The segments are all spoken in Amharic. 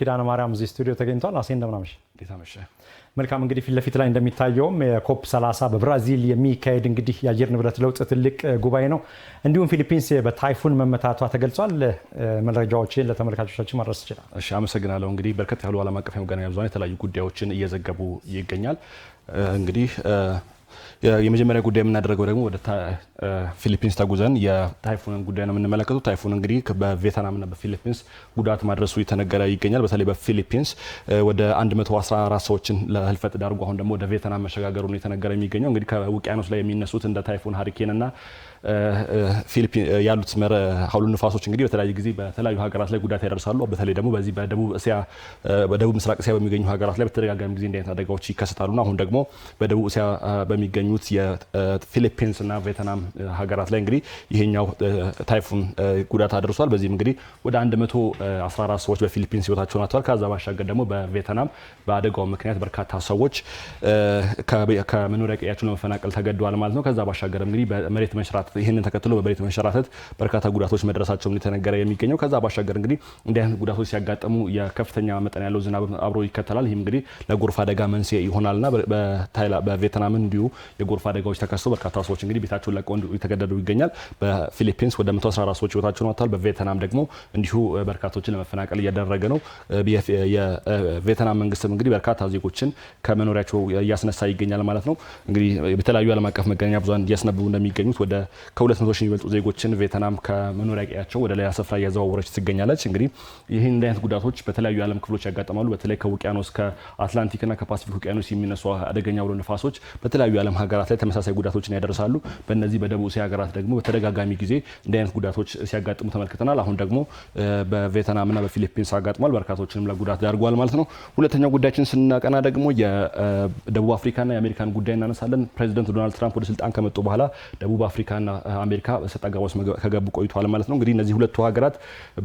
ኪዳነ ማርያም እዚህ ስቱዲዮ ተገኝቷል። አሴ እንደምናመሽ ጌታመሽ። መልካም እንግዲህ ፊት ለፊት ላይ እንደሚታየውም የኮፕ 30 በብራዚል የሚካሄድ እንግዲህ የአየር ንብረት ለውጥ ትልቅ ጉባኤ ነው። እንዲሁም ፊሊፒንስ በታይፉን መመታቷ ተገልጿል። መረጃዎችን ለተመልካቾቻችን ማድረስ ይችላል። እሺ፣ አመሰግናለሁ። እንግዲህ በርከት ያሉ ዓለም አቀፍ የመገናኛ ብዙሃን የተለያዩ ጉዳዮችን እየዘገቡ ይገኛል። እንግዲህ የመጀመሪያ ጉዳይ የምናደርገው ደግሞ ወደ ፊሊፒንስ ተጉዘን የታይፉንን ጉዳይ ነው የምንመለከተው። ታይፉን እንግዲህ በቬትናምና በፊሊፒንስ ጉዳት ማድረሱ የተነገረ ይገኛል። በተለይ በፊሊፒንስ ወደ 114 ሰዎችን ለህልፈት ዳርጎ አሁን ደግሞ ወደ ቬትናም መሸጋገሩ የተነገረ የሚገኘው። እንግዲህ ከውቅያኖስ ላይ የሚነሱት እንደ ታይፉን ና። ፊሊፒን ያሉት ሀውሉ ንፋሶች እንግዲህ በተለያየ ጊዜ በተለያዩ ሀገራት ላይ ጉዳት ያደርሳሉ። በተለይ ደግሞ በዚህ በደቡብ እስያ በደቡብ ምስራቅ እስያ በሚገኙ ሀገራት ላይ በተደጋጋሚ ጊዜ እንዲህ አይነት አደጋዎች ና አሁን ደግሞ በደቡብ እስያ በሚገኙት የፊሊፒንስ እና ቬትናም ሀገራት ላይ እንግዲህ ይሄኛው ታይፉን ጉዳት አድርሷል። በዚህም እንግዲህ ወደ 114 ሰዎች በፊሊፒንስ ህይወታቸውን አጥተዋል። ከዛ ባሻገር ደግሞ በቬትናም በአደጋው ምክንያት በርካታ ሰዎች ከመኖሪያ ቀያቸው ለመፈናቀል ተገደዋል ማለት ነው። ከዛ ባሻገር እንግዲህ በመሬት መሽራት ይህንን ተከትሎ በመሬት መንሸራተት በርካታ ጉዳቶች መድረሳቸው እየተነገረ የሚገኘው ከዛ ባሻገር እንግዲህ እንዲህ አይነት ጉዳቶች ሲያጋጠሙ የከፍተኛ መጠን ያለው ዝናብ አብሮ ይከተላል። ይህም እንግዲህ ለጎርፍ አደጋ መንስኤ ይሆናልና በቬትናም እንዲሁ የጎርፍ አደጋዎች ተከስተው በርካታ ሰዎች እንግዲህ ቤታቸውን ለቀው የተገደዱ ይገኛል። በፊሊፒንስ ወደ 114 ሰዎች ህይወታቸውን አጥተዋል። በቬትናም ደግሞ እንዲሁ በርካቶችን ለመፈናቀል እያደረገ ነው። የቬትናም መንግስትም እንግዲህ በርካታ ዜጎችን ከመኖሪያቸው እያስነሳ ይገኛል ማለት ነው። እንግዲህ በተለያዩ ዓለም አቀፍ መገናኛ ብዙሃን እያስነብቡ እንደሚገኙት ወደ ከ200 ሺህ የሚበልጡ ዜጎችን ቬትናም ከመኖሪያ ቀያቸው ወደ ሌላ ስፍራ እያዘዋወረች ትገኛለች። እንግዲህ ይህን እንደ አይነት ጉዳቶች በተለያዩ የዓለም ክፍሎች ያጋጥማሉ። በተለይ ከውቅያኖስ ከአትላንቲክና ከፓሲፊክ ውቅያኖስ የሚነሱ አደገኛ አውሎ ነፋሶች በተለያዩ የዓለም ሀገራት ላይ ተመሳሳይ ጉዳቶችን ያደርሳሉ። በእነዚህ በደቡብ እስያ ሀገራት ደግሞ በተደጋጋሚ ጊዜ እንደ አይነት ጉዳቶች ሲያጋጥሙ ተመልክተናል። አሁን ደግሞ በቬትናምና በፊሊፒንስ አጋጥሟል። በርካቶችንም ለጉዳት ዳርጓል ማለት ነው። ሁለተኛው ጉዳያችን ስናቀና ደግሞ የደቡብ አፍሪካና የአሜሪካን ጉዳይ እናነሳለን። ፕሬዚደንት ዶናልድ ትራምፕ ወደ ስልጣን ከመጡ በኋላ ደቡብ አፍሪካና ቻይናና አሜሪካ ሰጣ ውስጥ ከገቡ ቆይተዋል ማለት ነው። እንግዲህ እነዚህ ሁለቱ ሀገራት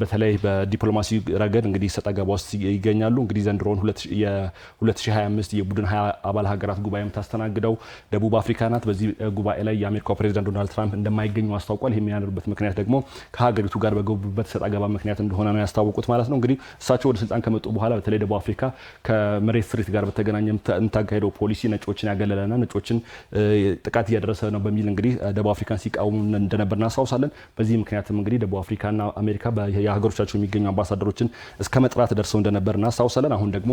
በተለይ በዲፕሎማሲ ረገድ እንግዲህ ሰጣ ገባ ውስጥ ይገኛሉ። እንግዲህ ዘንድሮን የ2025 የቡድን ሀያ አባል ሀገራት ጉባኤ የምታስተናግደው ደቡብ አፍሪካ ናት። በዚህ ጉባኤ ላይ የአሜሪካው ፕሬዚዳንት ዶናልድ ትራምፕ እንደማይገኙ አስታውቋል። ይህ የሚያደርጉበት ምክንያት ደግሞ ከሀገሪቱ ጋር በገቡበት ሰጣ ምክንያት እንደሆነ ነው ያስታወቁት ማለት ነው። እንግዲህ እሳቸው ወደ ስልጣን ከመጡ በኋላ በተለይ ደቡብ አፍሪካ ከመሬት ስሪት ጋር በተገናኘ የምታካሄደው ፖሊሲ ነጮችን ያገለለና ነጮችን ጥቃት እያደረሰ ነው በሚል እንግዲህ ደቡብ አፍሪካን ሲቃወሙ እንደነበር እናስታውሳለን። በዚህ ምክንያትም እንግዲህ ደቡብ አፍሪካና አሜሪካ የሀገሮቻቸው የሚገኙ አምባሳደሮችን እስከ መጥራት ደርሰው እንደነበር እናስታውሳለን። አሁን ደግሞ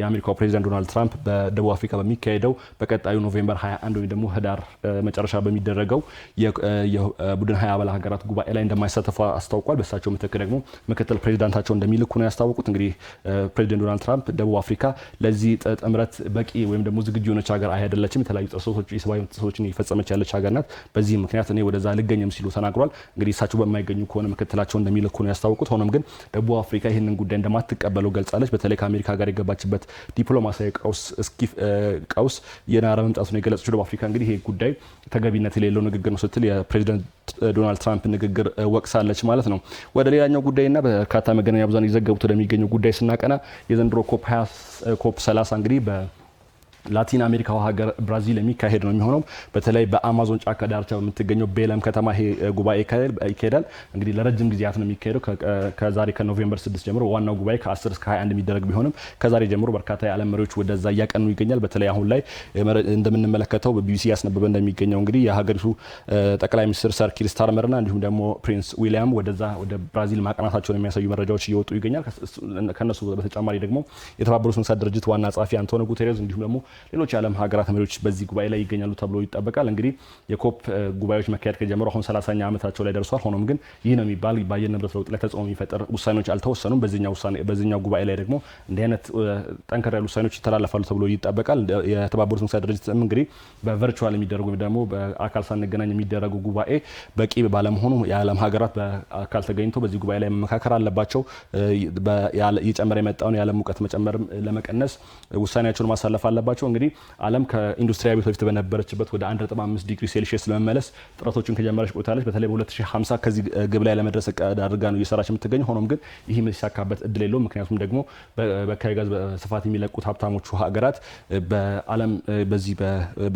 የአሜሪካው ፕሬዚዳንት ዶናልድ ትራምፕ በደቡብ አፍሪካ በሚካሄደው በቀጣዩ ኖቬምበር 21 ወይም ደግሞ ህዳር መጨረሻ በሚደረገው የቡድን ሀያ አባል ሀገራት ጉባኤ ላይ እንደማይሳተፉ አስታውቋል። በእሳቸው ምትክ ደግሞ ምክትል ፕሬዚዳንታቸው እንደሚልኩ ነው ያስታወቁት። እንግዲህ ፕሬዚደንት ዶናልድ ትራምፕ ደቡብ አፍሪካ ለዚህ ጥምረት በቂ ወይም ደግሞ ዝግጁ የሆነች ሀገር አይደለችም፣ የተለያዩ ጥሰቶች፣ የሰብአዊ ጥሰቶችን እየፈጸመች ያለች ሀገር ናት። በዚህ ምክንያት ምክንያት እኔ ወደዛ አልገኝም ሲሉ ተናግሯል። እንግዲህ እሳቸው በማይገኙ ከሆነ ምክትላቸው እንደሚልኩ ነው ያስታወቁት። ሆኖም ግን ደቡብ አፍሪካ ይህንን ጉዳይ እንደማትቀበለው ገልጻለች። በተለይ ከአሜሪካ ጋር የገባችበት ዲፕሎማሲያዊ ቀውስ የናረ መምጣቱን የገለጸችው ደቡብ አፍሪካ እንግዲህ ይህ ጉዳይ ተገቢነት የሌለው ንግግር ነው ስትል የፕሬዚደንት ዶናልድ ትራምፕ ንግግር ወቅሳለች ማለት ነው። ወደ ሌላኛው ጉዳይና በርካታ መገናኛ ብዙሃን የዘገቡት ወደሚገኘው ጉዳይ ስናቀና የዘንድሮ ኮፕ 30 እንግዲህ ላቲን አሜሪካው ሀገር ብራዚል የሚካሄድ ነው የሚሆነው። በተለይ በአማዞን ጫካ ዳርቻ በምትገኘው ቤለም ከተማ ይሄ ጉባኤ ይካሄዳል። እንግዲህ ለረጅም ጊዜያት ነው የሚካሄደው። ከዛሬ ከኖቬምበር 6 ጀምሮ ዋናው ጉባኤ ከ10 እስከ 21 የሚደረግ ቢሆንም ከዛሬ ጀምሮ በርካታ የዓለም መሪዎች ወደዛ እያቀኑ ይገኛል። በተለይ አሁን ላይ እንደምንመለከተው በቢቢሲ ያስነበበ እንደሚገኘው እንግዲህ የሀገሪቱ ጠቅላይ ሚኒስትር ሰር ኪር ስታርመርና እንዲሁም ደግሞ ፕሪንስ ዊሊያም ወደዛ ወደ ብራዚል ማቅናታቸውን የሚያሳዩ መረጃዎች እየወጡ ይገኛል። ከነሱ በተጨማሪ ደግሞ የተባበሩት መንግስታት ድርጅት ዋና ጸሐፊ አንቶኒዮ ጉቴሬዝ እንዲሁም ደግሞ ሌሎች የዓለም ሀገራት መሪዎች በዚህ ጉባኤ ላይ ይገኛሉ ተብሎ ይጠበቃል። እንግዲህ የኮፕ ጉባኤዎች መካሄድ ከጀመሩ አሁን ሰላሳኛ ዓመታቸው ላይ ደርሷል። ሆኖም ግን ይህ ነው የሚባል የአየር ንብረት ለውጥ ላይ ተጽዕኖ የሚፈጥር ውሳኔዎች አልተወሰኑም። በዚህኛው ጉባኤ ላይ ደግሞ እንዲህ አይነት ጠንከር ያሉ ውሳኔዎች ይተላለፋሉ ተብሎ ይጠበቃል። የተባበሩት መንግስታት ድርጅትም እንግዲህ በቨርቹዋል የሚደረጉ ደግሞ በአካል ሳንገናኝ የሚደረጉ ጉባኤ በቂ ባለመሆኑ የዓለም ሀገራት በአካል ተገኝቶ በዚህ ጉባኤ ላይ መመካከር አለባቸው። እየጨመረ የመጣውን የዓለም ሙቀት መጨመርም ለመቀነስ ውሳኔያቸውን ማሳለፍ አለባቸው። ያላቸው እንግዲህ ዓለም ከኢንዱስትሪ ቤት በፊት በነበረችበት ወደ 1.5 ዲግሪ ሴልሺየስ ለመመለስ ጥረቶችን ከጀመረች ቆይታለች። በተለይ በ2050 ከዚህ ግብ ላይ ለመድረስ አድርጋ ነው እየሰራች የምትገኘው። ሆኖም ግን ይህ የሚሳካበት እድል የለውም። ምክንያቱም ደግሞ በካይ ጋዝ በስፋት የሚለቁት ሀብታሞቹ ሀገራት በዓለም በዚህ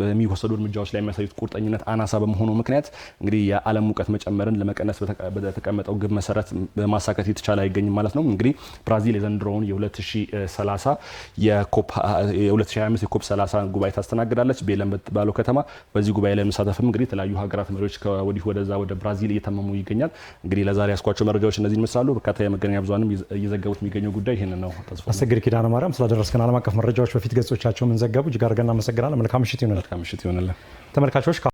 በሚወሰዱ እርምጃዎች ላይ የሚያሳዩት ቁርጠኝነት አናሳ በመሆኑ ምክንያት እንግዲህ የዓለም ሙቀት መጨመርን ለመቀነስ በተቀመጠው ግብ መሰረት ማሳካት የተቻለ አይገኝም ማለት ነው። እንግዲህ ብራዚል የዘንድሮውን የ2030 የ2025 ኮፕ 30 ጉባኤ ታስተናግዳለች ቤለም በተባለው ከተማ። በዚህ ጉባኤ ላይ መሳተፍም እንግዲህ የተለያዩ ሀገራት መሪዎች ከወዲህ ወደዛ ወደ ብራዚል እየተመሙ ይገኛል። እንግዲህ ለዛሬ ያስኳቸው መረጃዎች እነዚህ ይመስላሉ። በርካታ የመገናኛ ብዙሃንም እየዘገቡት የሚገኘው ጉዳይ ይህንን ነው። አሰግድ ኪዳነ ማርያም ስላደረስክን ዓለም አቀፍ መረጃዎች በፊት ገጾቻቸው ምን ዘገቡ እጅግ አድርገን እናመሰግናለን። መልካም ምሽት ይሆንልን። ተመልካቾች